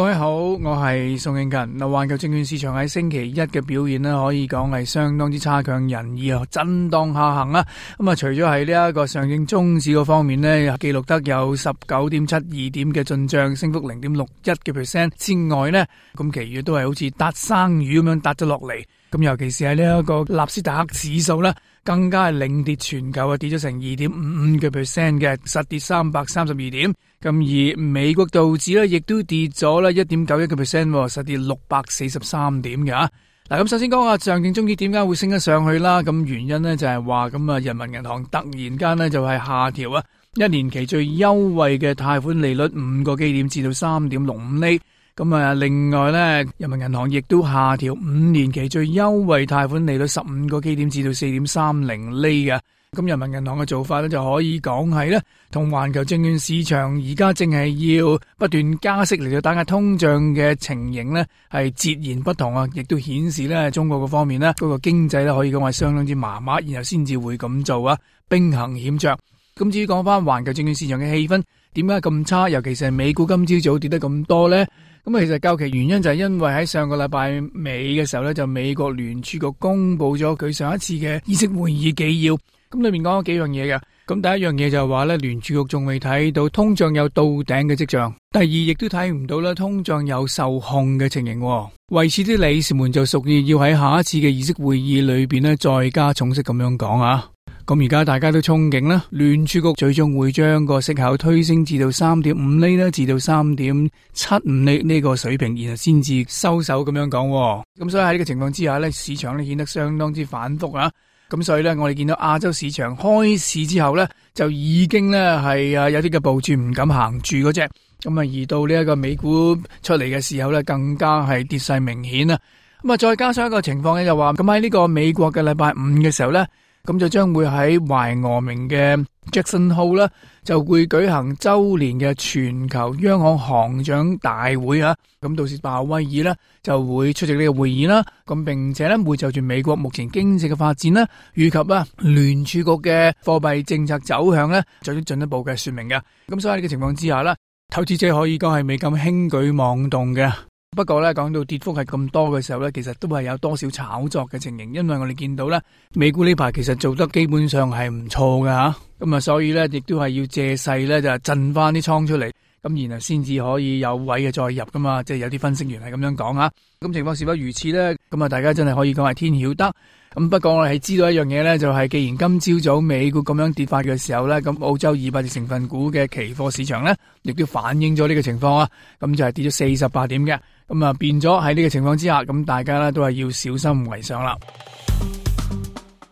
各位好，我係宋慶勤。嗱，環球證券市場喺星期一嘅表現咧，可以講係相當之差強人意啊，震蕩下行啦。咁啊，除咗喺呢一個上證綜指嗰方面咧，記錄得有十九點七二點嘅進賬，升幅零點六一嘅 percent 之外呢，咁其餘都係好似搭生魚咁樣搭咗落嚟。咁尤其是喺呢一個納斯達克指數呢，更加係領跌全球啊，跌咗成二點五五嘅 percent 嘅，實跌三百三十二點。咁而美國道指咧，亦都跌咗啦，一點九一個 percent，實跌六百四十三點㗎。嗱，咁首先講下上證綜指點解會升得上去啦？咁原因咧就係話咁啊，人民銀行突然間咧就係下調啊一年期最優惠嘅貸款利率五個基點至到三點六五厘。咁啊，另外咧，人民銀行亦都下調五年期最優惠貸款利率十五個基點至到四點三零厘嘅。咁人民銀行嘅做法咧，就可以講係呢，同環球證券市場而家正係要不斷加息嚟到打壓通脹嘅情形呢係截然不同啊！亦都顯示呢，中國嘅方面呢，嗰個經濟呢，可以講話相當之麻麻，然後先至會咁做啊，兵行險着。咁至於講翻環球證券市場嘅氣氛，點解咁差？尤其是係美股今朝早跌得咁多呢？咁啊，其實究其原因就係因為喺上個禮拜尾嘅時候呢，就美國聯儲局公布咗佢上一次嘅議息會議紀要。咁裏面講咗幾樣嘢嘅，咁第一樣嘢就係話咧，聯儲局仲未睇到通脹有到頂嘅跡象，第二亦都睇唔到咧通脹有受控嘅情形。為此啲理事們就屬於要喺下一次嘅議息會議裏邊呢再加重息咁樣講啊。咁而家大家都憧憬啦，聯儲局最終會將個息口推升至到三點五厘啦，至到三點七五厘呢個水平，然後先至收手咁樣講。咁所以喺呢個情況之下呢，市場呢，顯得相當之反覆啊。咁所以咧，我哋見到亞洲市場開市之後咧，就已經咧係啊有啲嘅部署唔敢行住嗰隻咁啊，而到呢一個美股出嚟嘅時候咧，更加係跌勢明顯啦咁啊，再加上一個情況咧，就話咁喺呢個美國嘅禮拜五嘅時候咧，咁就將會喺懷俄明嘅 Jackson Hole 啦，就會舉行周年嘅全球央行行長大會啊！咁到時鮑威爾啦就會出席呢個會議啦。咁並且咧會就住美國目前經濟嘅發展啦，以及啊聯儲局嘅貨幣政策走向咧，作出進一步嘅說明嘅。咁所以喺呢個情況之下啦，投資者可以講係未咁輕舉妄動嘅。不過咧，講到跌幅係咁多嘅時候咧，其實都係有多少炒作嘅情形，因為我哋見到咧，美股呢排其實做得基本上係唔錯㗎。吓，咁啊，所以咧亦都係要借勢咧就震翻啲倉出嚟。咁然後先至可以有位嘅再入噶嘛，即係有啲分析員係咁樣講啊。咁情況是否如此呢？咁啊，大家真係可以講係天曉得。咁不過我哋係知道一樣嘢呢，就係既然今朝早美股咁樣跌法嘅時候呢，咁澳洲二百隻成分股嘅期貨市場呢，亦都反映咗呢個情況啊。咁就係跌咗四十八點嘅。咁啊，變咗喺呢個情況之下，咁大家呢都係要小心為上啦。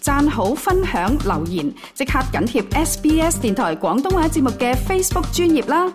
贊好、分享、留言、即刻緊貼 SBS 電台廣東話節目嘅 Facebook 專頁啦。